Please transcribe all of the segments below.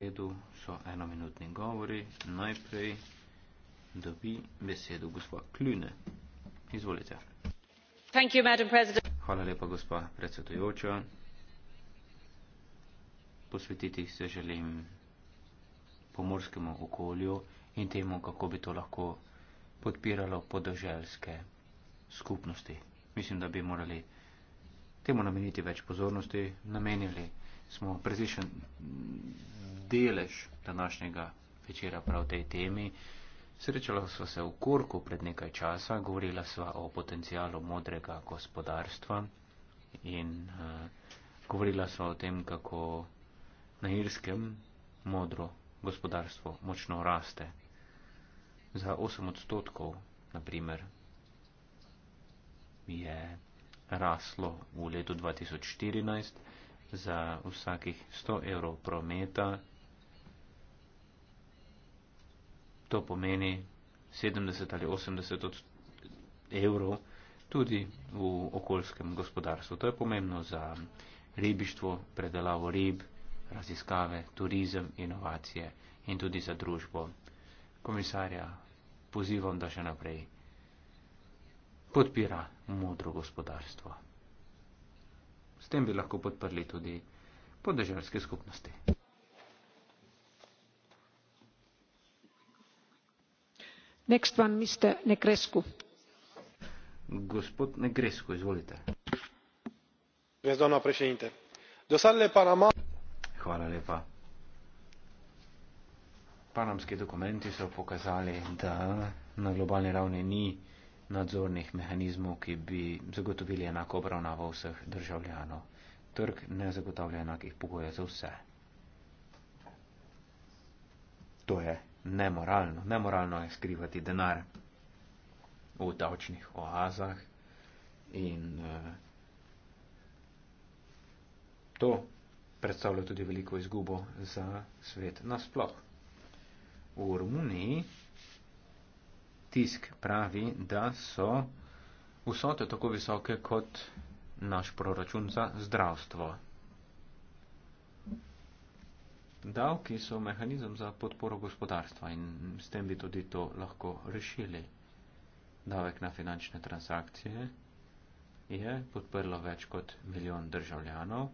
redu so enominutni govori. Najprej dobi besedo gospod Kljune. Izvolite. Thank you, Madam President. Hvala lepa, gospod predsedujoča. Posvetiti se želim pomorskemu okolju in temu, kako bi to lahko podpiralo podoželjske skupnosti. Mislim, da bi morali temu nameniti več pozornosti, namenili smo prezvišen delež današnjega večera prav tej temi. Srečala sva se v Korku pred nekaj časa, govorila sva o potencijalu modrega gospodarstva in uh, govorila sva o tem, kako na Irskem modro gospodarstvo močno raste. Za 8 odstotkov, na primer, je raslo v letu 2014 za vsakih 100 evrov prometa. To pomeni 70 ali 80 evrov tudi v okoljskem gospodarstvu. To je pomembno za ribištvo, predelavo rib, raziskave, turizem, inovacije in tudi za družbo. Komisarja pozivam, da še naprej podpira modro gospodarstvo. S tem bi lahko podprli tudi podeželske skupnosti. Next one, Mr. Negrescu. Gospod Negrescu, izvolite. Panama... Hvala lepa. Panamski dokumenti so pokazali, da na globalni ravni ni nadzornih mehanizmov, ki bi zagotovili enako obravnavo vseh državljanov. Trg ne zagotavlja enakih pogojev za vse. To je nemoralno. Nemoralno je skrivati denar v davčnih oazah in uh, to predstavlja tudi veliko izgubo za svet nasploh. V Romuniji tisk pravi, da so vsote tako visoke kot naš proračun za zdravstvo. Davki so mehanizem za podporo gospodarstva in s tem bi tudi to lahko rešili. Davek na finančne transakcije je podprlo več kot milijon državljanov.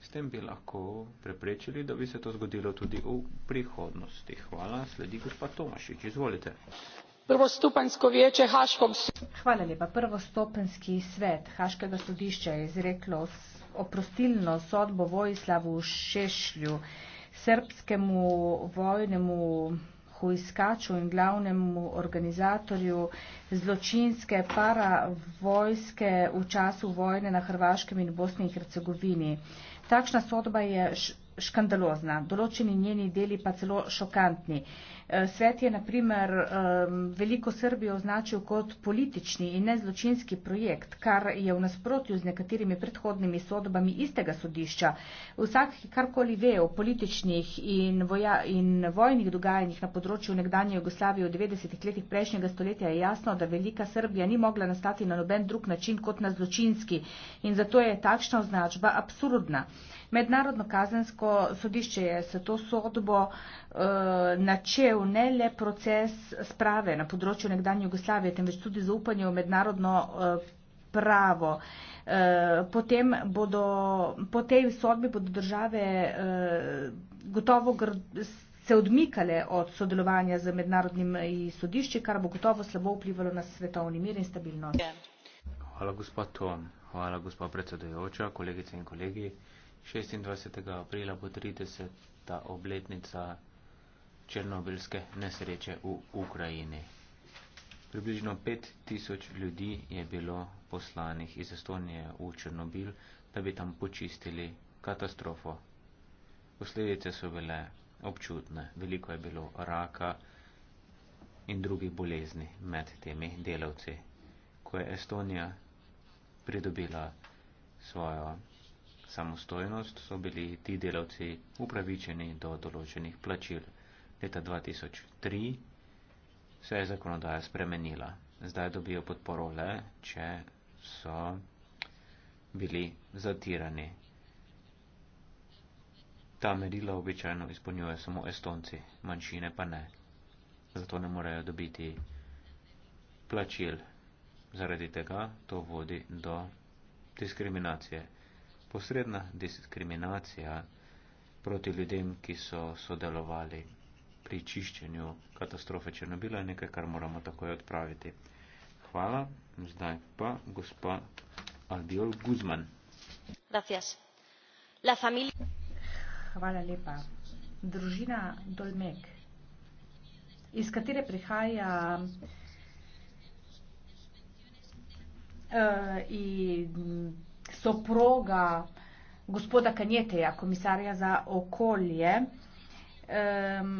S tem bi lahko preprečili, da bi se to zgodilo tudi v prihodnosti. Hvala, sledi gospod Tomašič, izvolite prvostupanjsko vijeće haškog hvala lijepa prvostupanjski svet haškoga sudišća je izreklo oprostilnu sodbu vojislavu šešlju srpskemu vojnemu huiskaču in glavnemu organizatorju zločinske para vojske v času vojne na Hrvaškem in Bosni in Hercegovini. Takšna sodba je škandalozna, določeni njeni deli pa celo šokantni. Eh, svet je, na primer, veliko Srbijo označil kot politični in nezločinski projekt, kar je v nasprotju z nekaterimi predhodnimi sodobami istega sodišča. Vsak, ki karkoli ve o političnih in, voja, in vojnih dogajanjih na področju nekdanje Jugoslavije v 90-ih letih prejšnjega stoletja, je jasno, da velika Srbija ni mogla nastati na noben drug način kot na zločinski in zato je takšna označba absurdna. Mednarodno kazensko sodišče je se to sodbo uh, načel zahtev ne le proces sprave na področju nekdanje Jugoslavije, temveč tudi zaupanje v mednarodno eh, pravo. Eh, potem bodo, po tej sodbi bodo države eh, gotovo se odmikale od sodelovanja z mednarodnim sodišče, kar bo gotovo slabo vplivalo na svetovni mir in stabilnost. Hvala, gospa Tom. Hvala, gospa predsedojoča, kolegice in kolegi. 26. aprila bo 30. obletnica černobilske nesreče v Ukrajini. Približno 5000 ljudi je bilo poslanih iz Estonije v Černobil, da bi tam počistili katastrofo. Posledice so bile občutne, veliko je bilo raka in drugih bolezni med temi delavci. Ko je Estonija pridobila svojo samostojnost, so bili ti delavci upravičeni do določenih plačil leta 2003 se je zakonodaja spremenila. Zdaj dobijo podporo le, če so bili zatirani. Ta merila običajno izpolnjuje samo estonci, manjšine pa ne. Zato ne morejo dobiti plačil. Zaradi tega to vodi do diskriminacije. Posredna diskriminacija proti ljudem, ki so sodelovali pri čiščenju katastrofe Černobila je nekaj, kar moramo takoj odpraviti. Hvala. Zdaj pa gospa Adiol Guzman. Hvala lepa. Družina Dolmek, iz katere prihaja uh, eh, in soproga gospoda Kanjeteja, komisarja za okolje, um,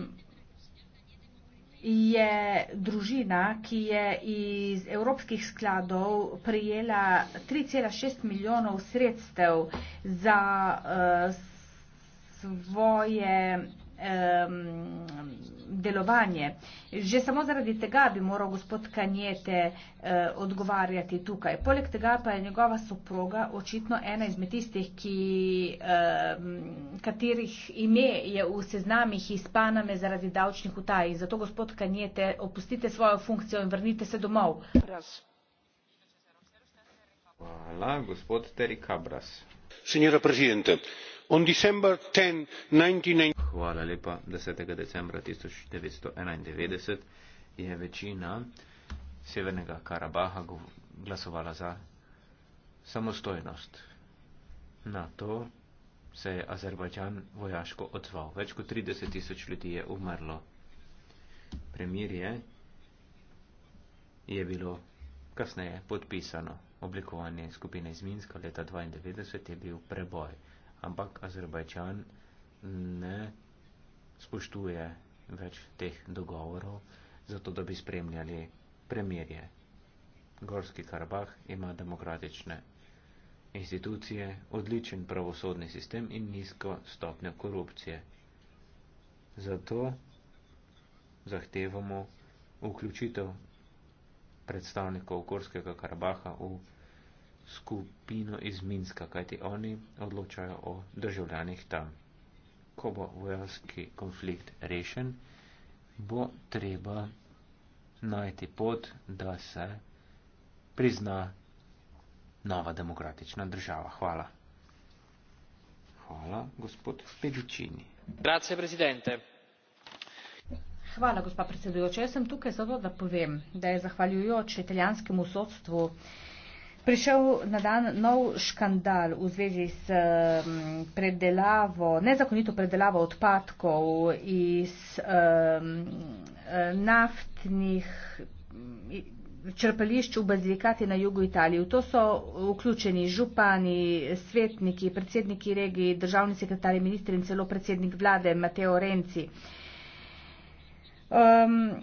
je družina, ki je iz evropskih skladov prijela 3,6 milijonov sredstev za uh, svoje um, delovanje. Že samo zaradi tega bi moral gospod Kanjete eh, odgovarjati tukaj. Poleg tega pa je njegova soproga očitno ena izmed tistih, ki, eh, katerih ime je v seznamih izpaname zaradi davčnih utaj. Zato gospod Kanjete, opustite svojo funkcijo in vrnite se domov. Raz. Hvala, gospod Terry Cabras. Signora Presidente, on december ten hvala lepa desetega decembra tisoč devetsto enaindevetdeset je večina severnega karabaha glasovala za samostojnost na to se je azerbajdžan vojaško odzval več kot trideset tisoč ljudi je umrlo premirje je bilo kasneje podpisano oblikovanje skupine iz minska leta dvaindevetdeset je bil preboj ampak Azerbajčan ne spoštuje več teh dogovorov, zato da bi spremljali premirje. Gorski Karabah ima demokratične institucije, odličen pravosodni sistem in nizko stopnjo korupcije. Zato zahtevamo vključitev predstavnikov Gorskega Karabaha v skupino iz Minska, kajti oni odločajo o državljanih tam. Ko bo vojaški konflikt rešen, bo treba najti pot, da se prizna nova demokratična država. Hvala. Hvala, gospod Pedučini. Grazie, presidente. Hvala, gospod predsedujoči. Jaz sem tukaj zato, da povem, da je zahvaljujoč italijanskemu sodstvu prišel na dan nov škandal v zvezi s mm, predelavo, nezakonito predelavo odpadkov iz um, naftnih mm, črpališč v bazilikati na jugu Italije. V to so vključeni župani, svetniki, predsedniki regij, državni sekretari, ministri in celo predsednik vlade Mateo Renci. Um,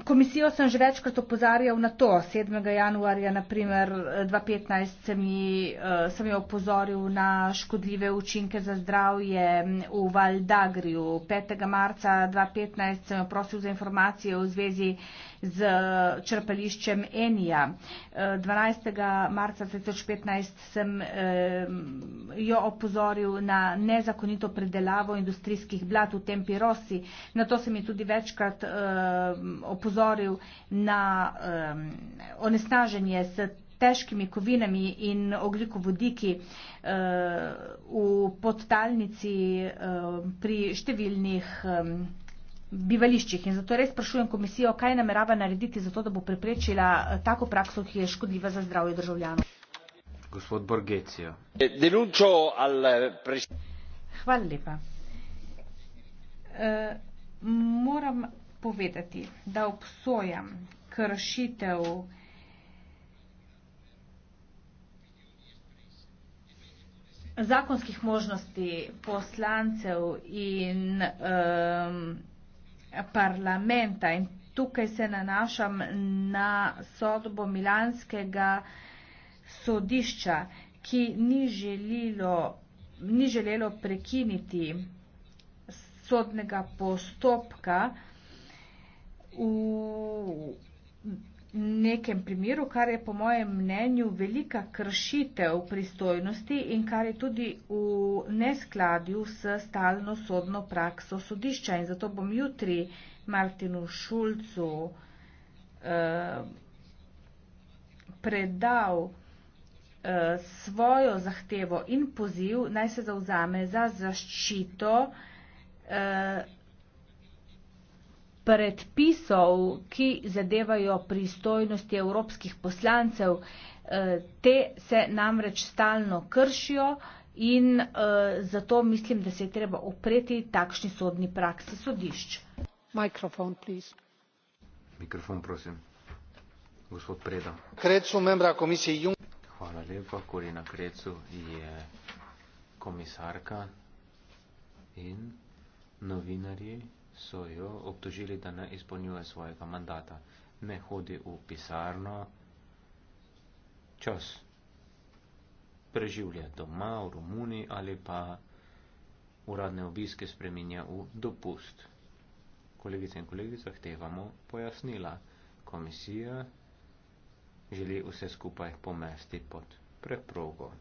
Komisijo sem že večkrat opozarjal na to. 7. januarja, naprimer 2015, sem, ji, eh, sem jo opozoril na škodljive učinke za zdravje v Valdagriju. 5. marca 2015 sem jo prosil za informacije v zvezi z črpališčem Enija. 12. Eh, marca 2015 sem eh, jo opozoril na nezakonito predelavo industrijskih blat v Tempi Rossi. Na to sem je tudi večkrat eh, opozoril na onesnaženje s težkimi kovinami in oglikovodiki v podtalnici pri številnih bivališčih. In zato res sprašujem komisijo, kaj namerava narediti za to, da bo preprečila eh, tako prakso, ki je škodljiva za zdravje državljanov. Gospod Borgecijo. Eh, Hvala lepa. E, moram povedati, da obsojam kršitev zakonskih možnosti poslancev in um, parlamenta in tukaj se nanašam na sodbo Milanskega sodišča, ki ni želilo, ni želelo prekiniti sodnega postopka v nekem primeru, kar je po mojem mnenju velika kršitev pristojnosti in kar je tudi v neskladju s stalno sodno prakso sodišča. In zato bom jutri Martinu Šulcu eh, predal eh, svojo zahtevo in poziv, naj se zauzame za zaščito eh, predpisov, ki zadevajo pristojnosti evropskih poslancev, eh, te se namreč stalno kršijo in eh, zato mislim, da se je treba upreti takšni sodni praksi sodišč. Mikrofon, prosim. Mikrofon, prosim. Gospod Preda. Krecu, membra komisije Jung. Hvala lepa, Korina Krecu je komisarka in novinarji so jo obtožili, da ne izpolnjuje svojega mandata, ne hodi v pisarno, čas preživlja doma v Romuniji ali pa uradne obiske spreminja v dopust. Kolegice in kolegi, zahtevamo pojasnila. Komisija želi vse skupaj pomesti pod preprogo.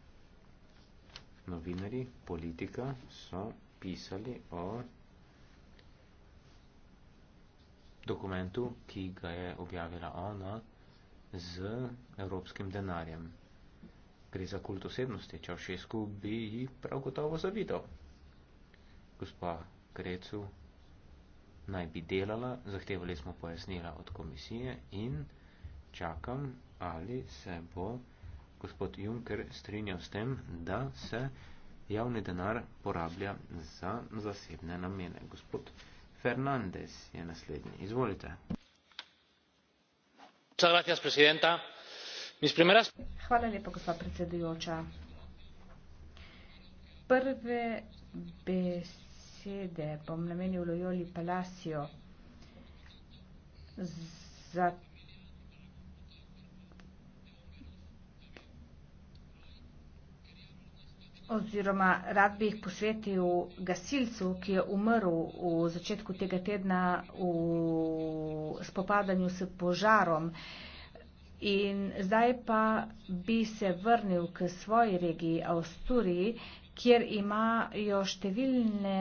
Novinari, politika so pisali o dokumentu, ki ga je objavila ona z evropskim denarjem. Gre za kult osebnosti, Čavšesku bi ji prav gotovo zavidal. Gospa Grecu naj bi delala, zahtevali smo pojasnila od komisije in čakam, ali se bo gospod Juncker strinjal s tem, da se javni denar porablja za zasebne namene. Gospod fernandes je naslednji izvolite hvala lepa gospa predsedujoča prve besede bom namenil loyoli palacio za oziroma rad bi jih posvetil gasilcu, ki je umrl v začetku tega tedna v spopadanju s požarom. In zdaj pa bi se vrnil k svoji regiji Avsturiji, kjer imajo številne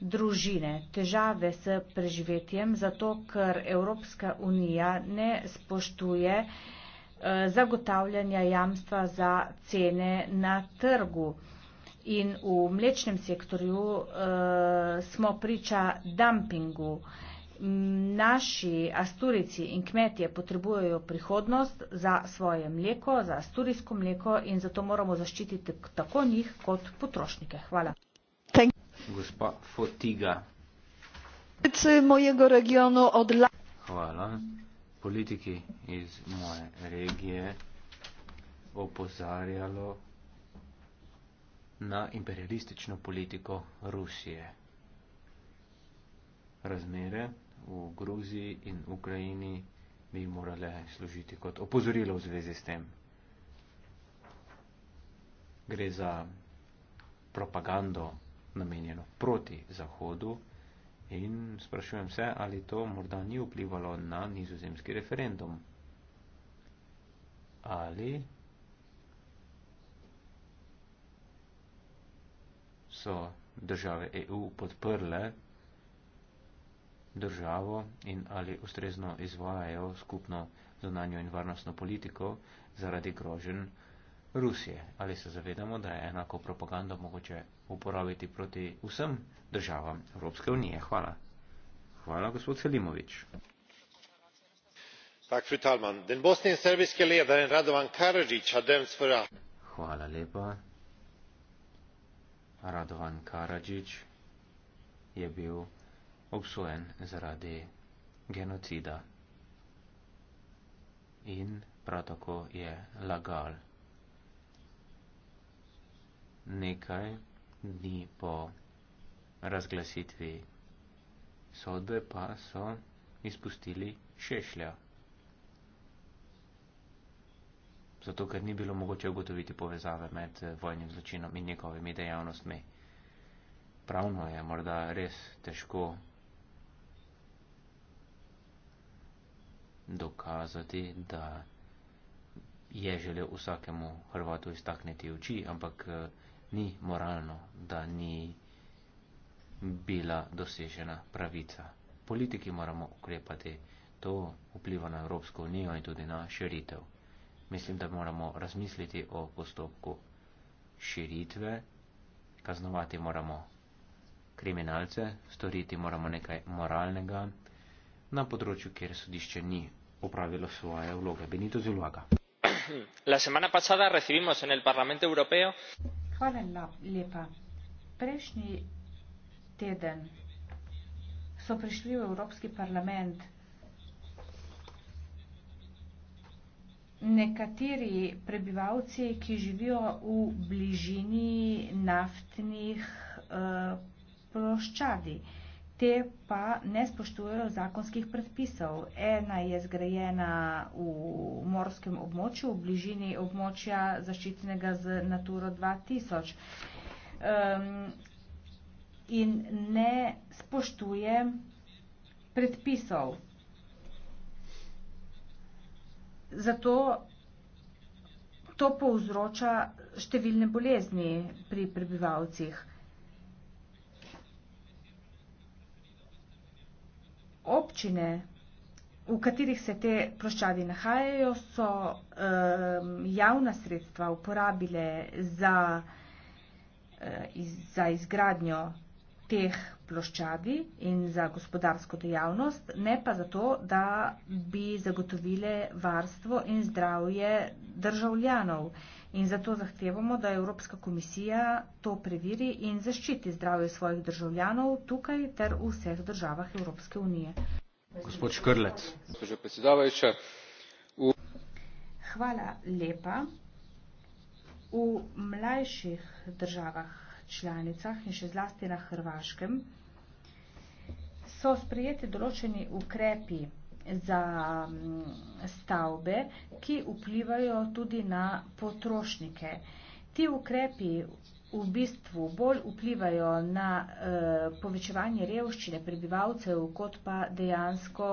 družine težave s preživetjem, zato ker Evropska unija ne spoštuje uh, Eh, zagotavljanja jamstva za cene na trgu. In v mlečnem sektorju uh, smo priča dumpingu. Naši asturici in kmetje potrebujejo prihodnost za svoje mleko, za asturijsko mleko in zato moramo zaščititi tako njih kot potrošnike. Hvala. Thank Gospa Fotiga. Mojega regionu od Hvala politiki iz moje regije opozarjalo na imperialistično politiko Rusije. Razmere v Gruziji in Ukrajini bi morale služiti kot opozorilo v zvezi s tem. Gre za propagando namenjeno proti Zahodu. In sprašujem se, ali to morda ni vplivalo na nizozemski referendum. Ali so države EU podprle državo in ali ustrezno izvajajo skupno zunanjo in varnostno politiko zaradi groženj Rusije. Ali se zavedamo, da je enako propagando mogoče uporabiti proti vsem državam Evropske unije? Hvala. Hvala, gospod Selimovič. Hvala lepa. Radovan Karadžič je bil obsojen zaradi genocida. In prav tako je lagal nekaj dni po razglasitvi sodbe pa so izpustili šešlja. Zato, ker ni bilo mogoče ugotoviti povezave med eh, vojnim zločinom in njegovimi dejavnostmi. Pravno je morda res težko dokazati, da je želel vsakemu Hrvatu iztakniti oči, ampak eh, ni moralno, da ni bila dosežena pravica. Politiki moramo ukrepati, to vpliva na Evropsko unijo in tudi na širitev. Mislim, da moramo razmisliti o postopku širitve, kaznovati moramo kriminalce, storiti moramo nekaj moralnega na področju, kjer sodišče ni opravilo svoje vloge. Benito Zulaga. La semana pasada recibimos en el Parlamento Europeo. Hvala lepa. Prejšnji teden so prišli v Evropski parlament nekateri prebivalci, ki živijo v bližini naftnih uh, ploščadi. Uh, te pa ne spoštujejo zakonskih predpisov. Ena je zgrajena v morskem območju, v bližini območja zaščitnega z Naturo 2000 um, in ne spoštuje predpisov. Zato to povzroča številne bolezni pri prebivalcih. občine, v katerih se te ploščadi nahajajo, so um, javna sredstva uporabile za, uh, iz, za izgradnjo teh ploščadi in za gospodarsko dejavnost, ne pa zato, da bi zagotovile varstvo in zdravje državljanov. In zato zahtevamo, da Evropska komisija to preveri in zaščiti zdravje svojih državljanov tukaj ter v vseh državah Evropske unije. Gospod Škrlec. Gospođa predsedavajoča. U... Hvala lepa. V mlajših državah članicah in še zlasti na Hrvaškem, so sprejeti določeni ukrepi za mm, stavbe, ki vplivajo tudi na potrošnike. Ti ukrepi v bistvu bolj vplivajo na e, povečevanje revščine prebivalcev, kot pa dejansko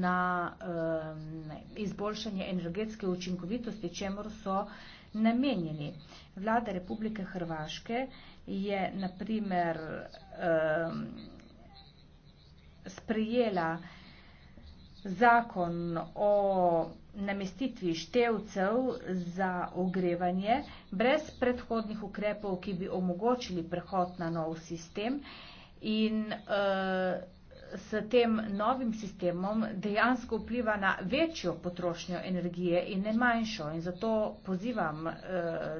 na, e, izboljšanje energetske učinkovitosti, čemor so namenjeni. Vlada Republike Hrvaške je naprimer eh, sprijela zakon o namestitvi števcev za ogrevanje brez predhodnih ukrepov, ki bi omogočili prehod na nov sistem in eh, s tem novim sistemom dejansko vpliva na večjo potrošnjo energije in ne manjšo. In zato pozivam eh,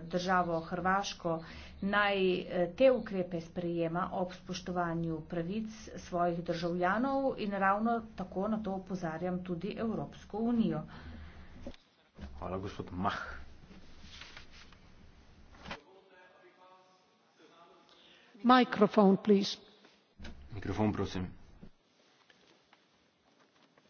državo Hrvaško naj eh, te ukrepe sprejema ob spoštovanju pravic svojih državljanov in ravno tako na to opozarjam tudi Evropsko unijo. Hvala, gospod Mah. Mikrofon, prosim.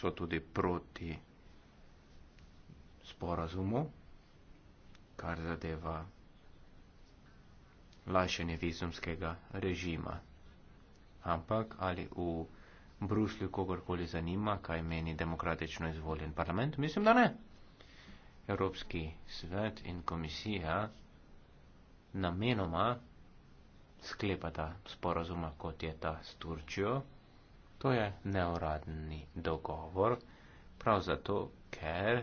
so tudi proti sporazumu, kar zadeva lajšanje vizumskega režima. Ampak ali v Bruslju kogorkoli zanima, kaj meni demokratično izvoljen parlament, mislim, da ne. Evropski svet in komisija namenoma sklepata sporazuma, kot je ta s Turčijo, To je neuradni dogovor, prav zato, ker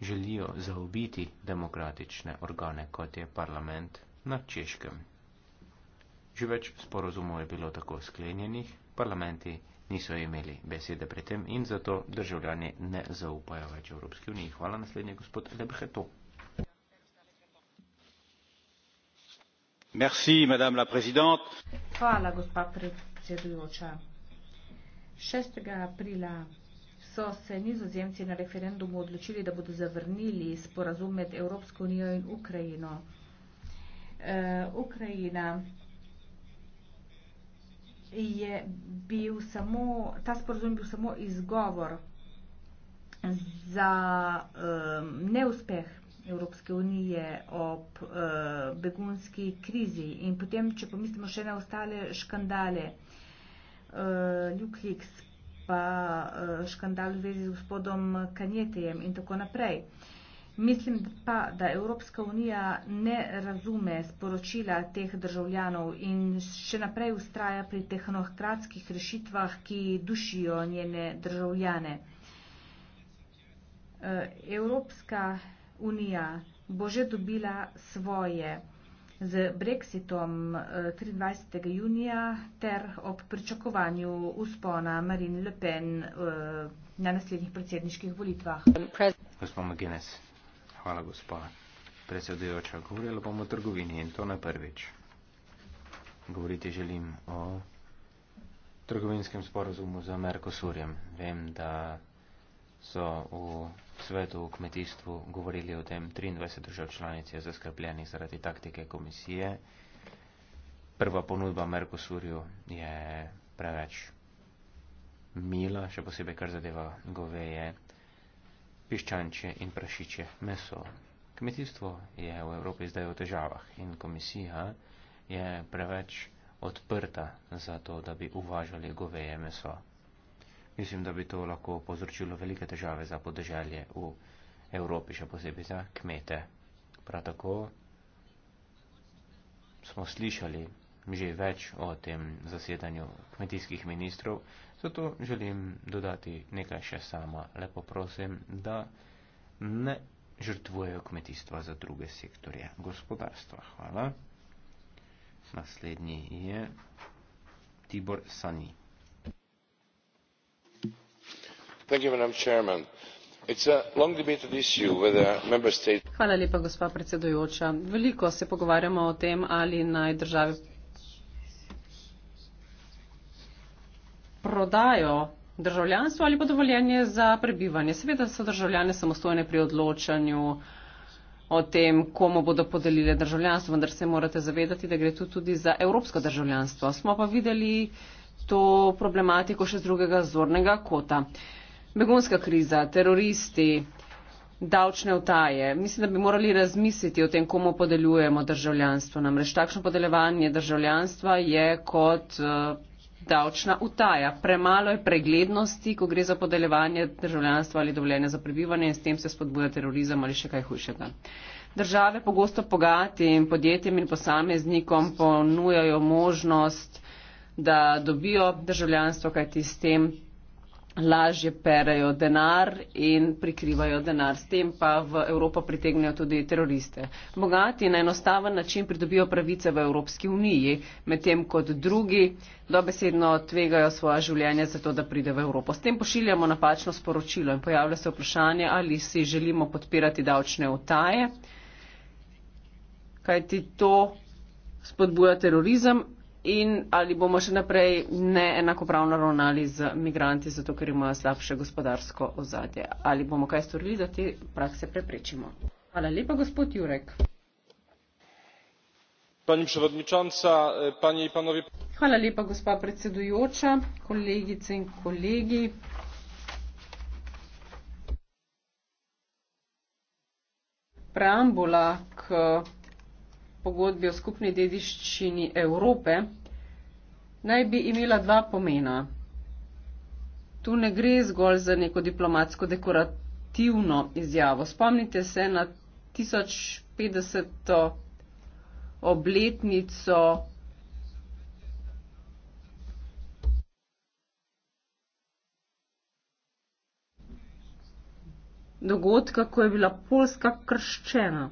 želijo zaobiti demokratične organe, kot je parlament na češkem. Že več sporozumov je bilo tako sklenjenih, parlamenti niso imeli besede pri tem in zato državljani ne zaupajo več Evropski uniji. Hvala naslednji gospod Lebheto. Merci, madame la présidente. Hvala, gospa predsednica predsedujoča. 6. aprila so se nizozemci na referendumu odločili, da bodo zavrnili sporazum med Evropsko unijo in Ukrajino. E, Ukrajina je bil samo, ta sporazum je bil samo izgovor za um, neuspeh Evropske unije ob uh, begunski krizi in potem, če pomislimo še na ostale škandale, Eh, Ljukliks, pa uh, škandal v zvezi z gospodom Kanjetejem in tako naprej. Mislim pa, da Evropska unija ne razume sporočila teh državljanov in še naprej ustraja pri tehnokratskih rešitvah, ki dušijo njene državljane. Eh, Evropska unija bo že dobila svoje z Brexitom 23. Eh, junija ter ob pričakovanju uspona Marine Le Pen eh, na naslednjih predsedniških volitvah. Gospod McGuinness, hvala gospod. Predsedujoča, govorili bomo o trgovini in to ne prvič. Govoriti želim o trgovinskem sporozumu z Merkosurjem. Vem, da so v svetu, v kmetijstvu govorili o tem. 23 držav članic je zaskrbljeni zaradi taktike komisije. Prva ponudba Mercosurju je preveč mila, še posebej kar zadeva goveje, piščanče in prašiče meso. Kmetijstvo je v Evropi zdaj v težavah in komisija je preveč odprta za to, da bi uvažali goveje meso. Mislim, da bi to lahko povzročilo velike težave za podeželje v Evropi, še posebej za kmete. Prav tako smo slišali že več o tem zasedanju kmetijskih ministrov, zato želim dodati nekaj še sama. Lepo prosim, da ne žrtvujejo kmetijstva za druge sektorje gospodarstva. Hvala. Naslednji je Tibor Sani madam president it's a long debated issue whether member states. hvala lepa gospa predsedujoča veliko se pogovarjamo o tem ali naj države prodajo državljanstvo ali pa dovoljenje za prebivanje seveda so državljane samostojne pri odločanju o tem komu bodo podelili državljanstvo vendar se morate zavedati da gre tu tudi za evropsko državljanstvo smo pa videli to problematiko še z drugega zornega kota begunska kriza, teroristi, davčne vtaje. Mislim, da bi morali razmisliti o tem, komu podeljujemo državljanstvo. Namreč takšno podeljevanje državljanstva je kot eh, davčna vtaja. Premalo je preglednosti, ko gre za podeljevanje državljanstva ali dovoljenja za prebivanje in s tem se spodbuja terorizem ali še kaj hujšega. Države pogosto bogatim podjetjem in posameznikom ponujajo možnost, da dobijo državljanstvo, kajti s tem lažje perejo denar in prikrivajo denar. S tem pa v Evropo pritegnejo tudi teroriste. Bogati na enostaven način pridobijo pravice v Evropski uniji, medtem kot drugi dobesedno tvegajo svoje življenje za to, da pride v Evropo. S tem pošiljamo napačno sporočilo in pojavlja se vprašanje, ali si želimo podpirati davčne utaje, kajti to spodbuja terorizem In ali bomo še naprej neenakopravno ravnali z migranti, zato ker imajo slabše gospodarsko ozadje? Ali bomo kaj storili, da te prakse preprečimo? Hvala lepa, gospod Jurek. Pani predsednica, panje in panovi. Hvala lepa, gospa predsedujoča, kolegice in kolegi. Preambula k pogodbi o skupni dediščini Evrope, naj bi imela dva pomena. Tu ne gre zgolj za neko diplomatsko dekorativno izjavo. Spomnite se na 1050. obletnico dogodka, ko je bila Polska krščena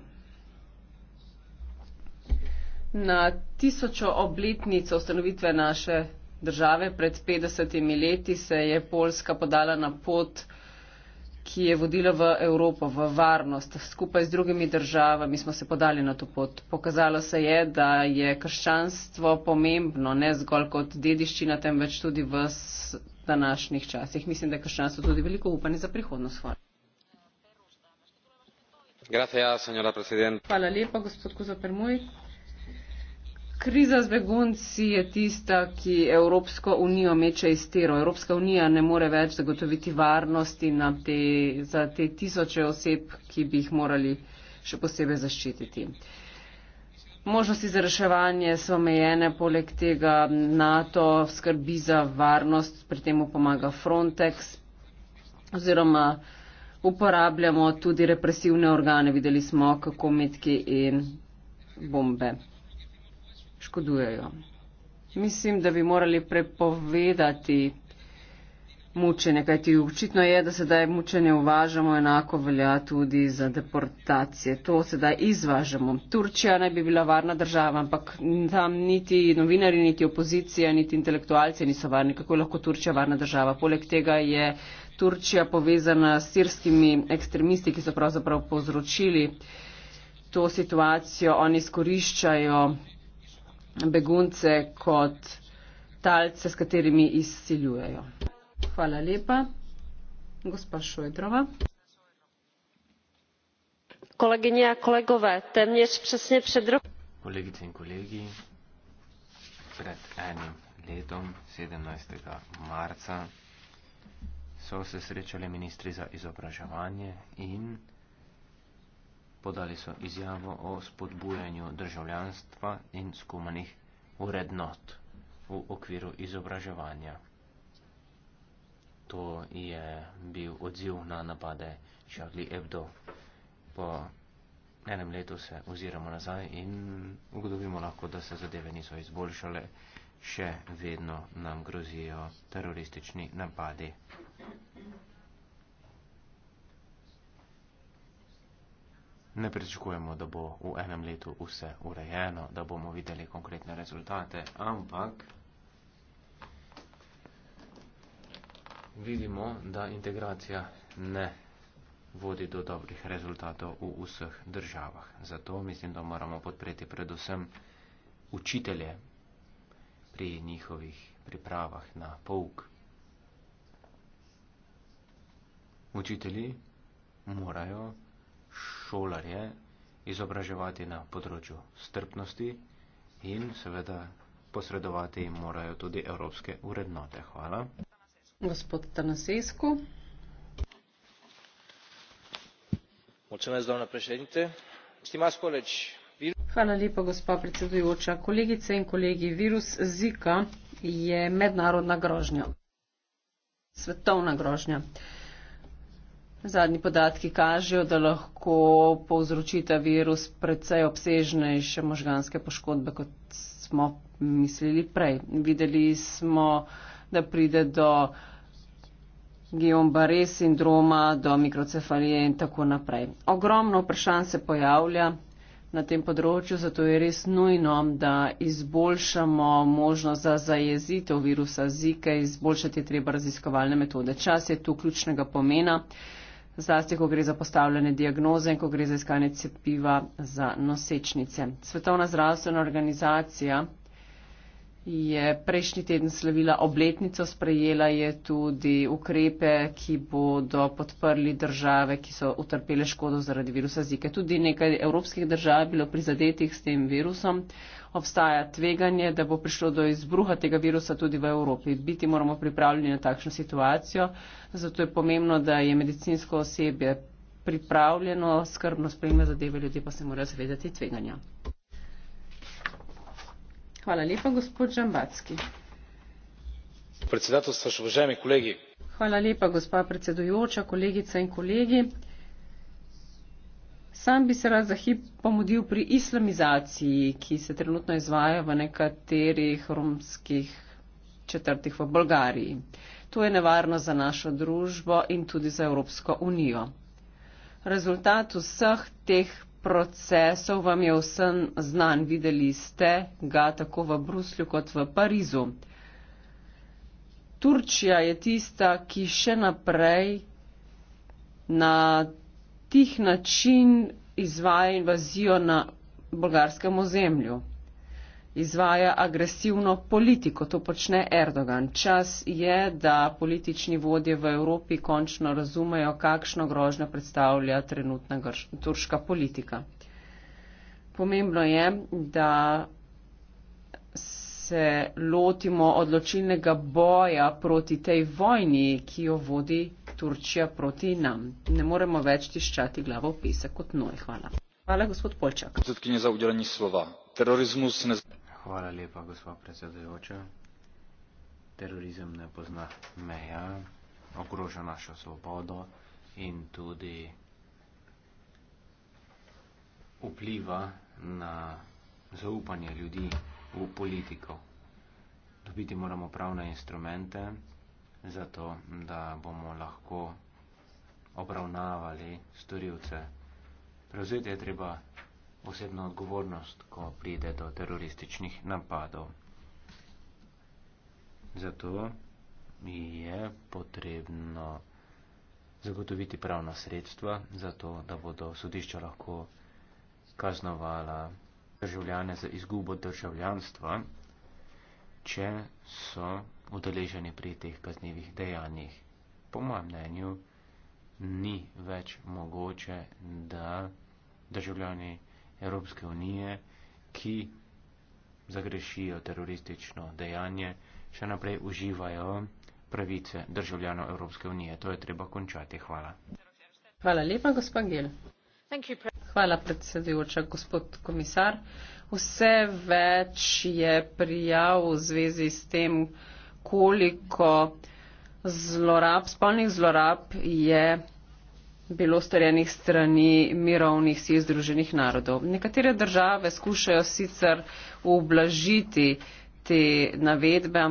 na tisočo obletnico ustanovitve naše države pred 50 leti se je Poljska podala na pot, ki je vodila v Evropo, v varnost. Skupaj z drugimi državami smo se podali na to pot. Pokazalo se je, da je krščanstvo pomembno ne zgolj kot dediščina, temveč tudi v današnjih časih. Mislim, da je krščanstvo tudi veliko upanje za prihodnost. Hvala. Gracias, señora Presidenta. Hvala lepa, gospod Kuzo Permuj. Kriza z begunci je tista, ki Evropsko unijo meče iz tero. Evropska unija ne more več zagotoviti varnosti te, za te tisoče oseb, ki bi jih morali še posebej zaščititi. Možnosti za reševanje so omejene, poleg tega NATO skrbi za varnost, pri tem pomaga Frontex oziroma uporabljamo tudi represivne organe, videli smo kako metki in bombe škodujejo. Mislim, da bi morali prepovedati mučenje, kajti očitno je, da sedaj mučenje uvažamo, enako velja tudi za deportacije. To sedaj izvažamo. Turčija naj bi bila varna država, ampak tam niti novinari, niti opozicija, niti intelektualci niso varni. Kako je lahko Turčija varna država? Poleg tega je Turčija povezana s sirskimi ekstremisti, ki so pravzaprav povzročili to situacijo. Oni skoriščajo begunce kot talce, s katerimi izsiljujejo. Hvala lepa. Gospa Šojdrova. Koleginja, kolegove, temnež presne pred rokom. Kolegice in kolegi, pred enim letom, 17. marca, so se srečali ministri za izobraževanje in podali so izjavo o spodbujanju državljanstva in skumanih urednot v okviru izobraževanja. To je bil odziv na napade Charlie Hebdo. Po enem letu se oziramo nazaj in ugotovimo lahko, da se zadeve niso izboljšale, še vedno nam grozijo teroristični napadi. ne pričakujemo, da bo v enem letu vse urejeno, da bomo videli konkretne rezultate, ampak vidimo, da integracija ne vodi do dobrih rezultatov v vseh državah. Zato mislim, da moramo podpreti predvsem učitelje pri njihovih pripravah na pouk. Učitelji morajo šolarje izobraževati na področju strpnosti in seveda posredovati jim morajo tudi evropske urednote. Hvala. Gospod Tanasesku. Hvala lepa, gospa predsedujoča. Kolegice in kolegi, virus Zika je mednarodna grožnja, svetovna grožnja. Uh, Zadnji podatki kažejo, da lahko povzroči ta virus predvsej obsežnejše možganske poškodbe, kot smo mislili prej. Videli smo, da pride do Guillaume-Barré sindroma, do mikrocefalije in tako naprej. Ogromno vprašanj se pojavlja na tem področju, zato je res nujno, da izboljšamo možnost za zajezitev virusa zike, izboljšati je treba raziskovalne metode. Čas je tu ključnega pomena zlasti, ko gre za postavljene diagnoze in ko gre za iskanje cepiva za nosečnice. Svetovna zdravstvena organizacija je prejšnji teden slavila obletnico, sprejela je tudi ukrepe, ki bodo podprli države, ki so utrpele škodo zaradi virusa zike. Tudi nekaj evropskih držav je bilo prizadetih s tem virusom obstaja tveganje, da bo prišlo do izbruha tega virusa tudi v Evropi. Biti moramo pripravljeni na takšno situacijo, zato je pomembno, da je medicinsko osebje pripravljeno, skrbno spremlja zadeve, ljudje pa se morajo zavedati tveganja. Hvala lepa, gospod Žambacki. Predsedatelj, spoštovani kolegi. Hvala lepa, gospa predsedujoča, kolegice in kolegi. Sam bi se rad za hip pomudil pri islamizaciji, ki se trenutno izvaja v nekaterih romskih četrtih v Bolgariji. To je nevarno za našo družbo in tudi za Evropsko unijo. Rezultat vseh teh procesov vam je vsem znan, videli ste ga tako v Bruslju kot v Parizu. Turčija je tista, ki še naprej na tih način izvaja invazijo na bolgarskem ozemlju. Izvaja agresivno politiko, to počne Erdogan. Čas je, da politični vodje v Evropi končno razumejo, kakšno grožnjo predstavlja trenutna turška politika. Pomembno je, da se lotimo odločilnega boja proti tej vojni, ki jo vodi Turčija proti nam. Ne moremo več tiščati glavo v pesek kot noj. Hvala. Hvala, gospod Polčak. Predsednik za udeljenje slova. Terorizmus ne. Hvala lepa, gospod predsedujoča. Terorizem ne pozna meja, ogroža našo svobodo in tudi vpliva na zaupanje ljudi v politiko. Dobiti moramo pravne instrumente, zato da bomo lahko obravnavali storilce. Prevzeti je treba posebno odgovornost, ko pride do terorističnih napadov. Zato je potrebno zagotoviti pravna sredstva, zato da bodo sodišča lahko kaznovala državljane za izgubo državljanstva, če so udeleženi pri teh kaznjivih dejanjih. Po mojem mnenju ni več mogoče, da državljani Evropske unije, ki zagrešijo teroristično dejanje, še naprej uživajo pravice državljanov Evropske unije. To je treba končati. Hvala. Hvala lepa, gospod Gil. Hvala, predsedujoča, gospod komisar. Vse več je prijav v zvezi s tem, koliko zlorab, spolnih zlorab je bilo storjenih strani mirovnih sil Združenih narodov. Nekatere države skušajo sicer ublažiti te navedbe,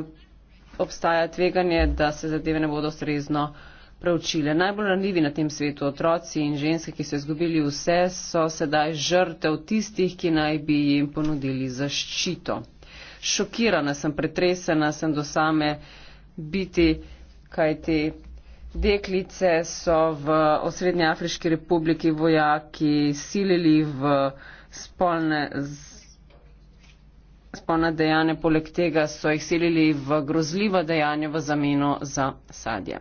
obstaja tveganje, da se zadeve ne bodo ustrezno preučile. Najbolj ranljivi na tem svetu otroci in ženske, ki so izgubili vse, so sedaj žrtev tistih, ki naj bi jim ponudili zaščito šokirana, sem pretresena, sem do same biti, kajti deklice so v Osrednji Afriški republiki vojaki silili v spolne. Z, spolna dejanja, poleg tega so jih silili v grozljiva dejanja v zameno za sadje.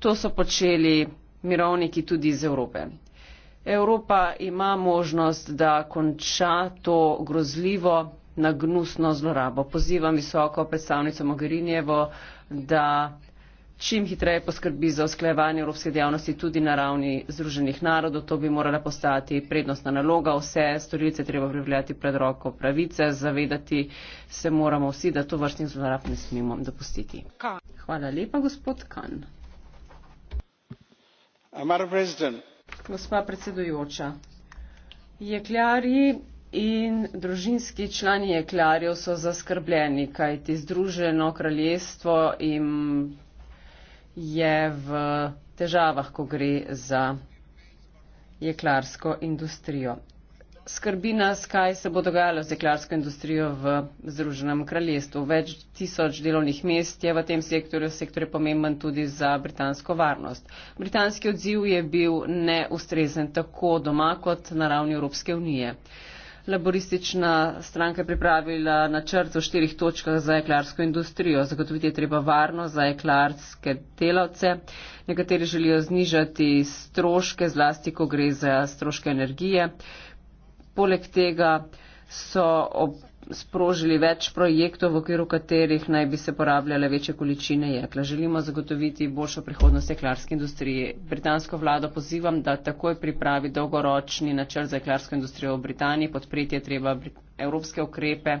To so počeli mirovniki tudi iz Evrope. Evropa ima možnost, da konča to grozljivo na gnusno zlorabo. Pozivam visoko predstavnico Mogherinjevo, da čim hitreje poskrbi za usklajevanje evropske dejavnosti tudi na ravni Združenih narodov. To bi morala postati prednostna naloga. Vse storilce treba privljati pred roko pravice, zavedati se moramo vsi, da to vrstnih zlorab ne smemo dopustiti. Hvala lepa, gospod Kan. Uh, Gospa predsedujoča, jekljari in družinski člani jeklarjev so zaskrbljeni, kajti Združeno kraljestvo jim je v težavah, ko gre za jeklarsko industrijo. Skrbi nas, kaj se bo dogajalo z jeklarsko industrijo v Združenem kraljestvu. Več tisoč delovnih mest je v tem sektorju, sektor je pomemben tudi za britansko varnost. Britanski odziv je bil neustrezen tako doma kot na ravni Evropske unije. Laboristična stranka je pripravila načrt v štirih točkah za jeklarsko industrijo. Zagotoviti je treba varno za jeklarske delavce. Nekateri želijo znižati stroške, zlasti ko gre za stroške energije. Poleg tega so ob sprožili več projektov, v okviru katerih naj bi se porabljale večje količine jekla. Želimo zagotoviti boljšo prihodnost jeklarske industrije. Britansko vlado pozivam, da takoj pripravi dolgoročni načrt za jeklarsko industrijo v Britaniji, podpreti je treba evropske ukrepe,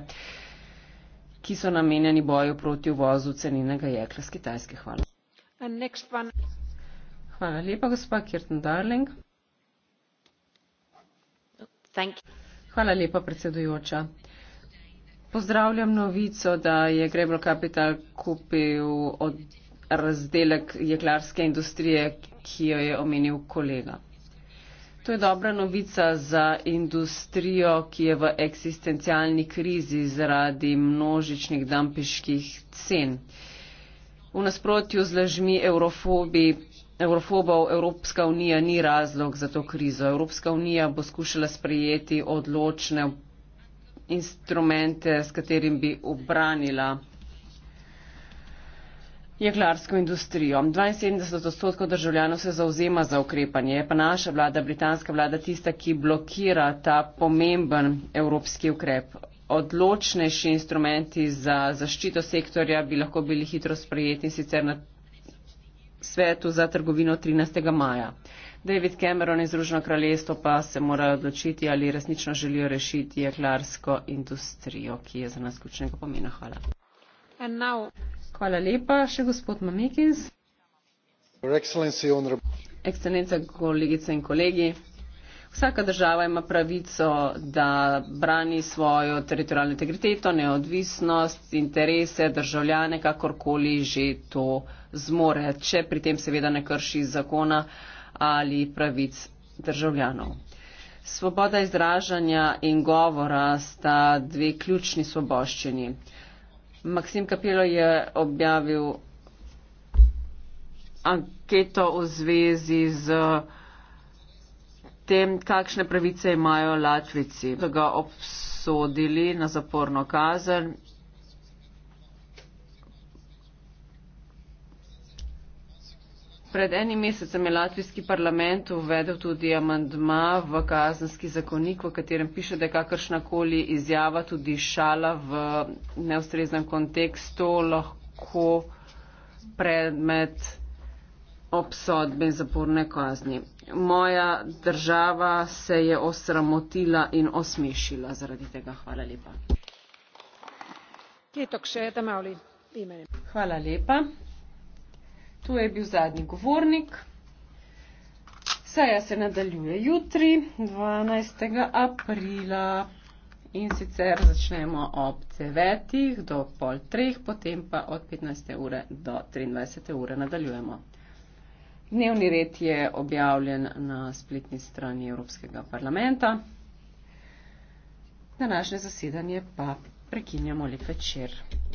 ki so namenjeni boju proti uvozu ceninega jekla z Kitajske. Hvala. Hvala lepa, gospa Kirten Darling. Hvala lepa, predsedujoča. Pozdravljam novico, da je Grebel Capital kupil od razdelek jeklarske industrije, ki jo je omenil kolega. To je dobra novica za industrijo, ki je v eksistencialni krizi zaradi množičnih dampiških cen. V nasprotju z lažmi eurofobov Evropska unija ni razlog za to krizo. Evropska unija bo skušala sprejeti odločne instrumente, s katerim bi obranila jeklarsko industrijo. 72 odstotkov državljanov se zauzema za ukrepanje, je pa naša vlada, britanska vlada, tista, ki blokira ta pomemben evropski ukrep. Odločnejši instrumenti za zaščito sektorja bi lahko bili hitro sprejeti sicer na svetu za trgovino 13. maja. David Cameron in Združeno kraljestvo pa se morajo odločiti, ali resnično želijo rešiti jeklarsko industrijo, ki je za nas ključnega pomena. Hvala. Hvala lepa še gospod Mamikins. Ekscelenca, kolegice in kolegi. Vsaka država ima pravico, da brani svojo teritorijalno integriteto, neodvisnost, interese, državljane, kakorkoli že to zmore, če pri tem seveda ne krši zakona ali pravic državljanov. Svoboda izražanja in govora sta dve ključni svoboščini. Maksim Kapelo je objavil anketo v zvezi z tem, kakšne pravice imajo Latvici. Ga obsodili na zaporno kazen Pred enim mesecem je Latvijski parlament uvedel tudi amandma v kazenski zakonik, v katerem piše, da je kakršnakoli izjava, tudi šala v neustreznem kontekstu, lahko predmet obsodbe in zaporne kazni. Moja država se je osramotila in osmešila zaradi tega. Hvala lepa. Kiitokse, ja, tämä oli viimeinen. Hvala lepa. Tu je bil zadnji govornik. Seja se nadaljuje jutri, 12. aprila. In sicer začnemo ob 9. do pol 3, potem pa od 15. ure do 23. ure nadaljujemo. Dnevni red je objavljen na spletni strani Evropskega parlamenta. Današnje zasedanje pa prekinjamo lep večer.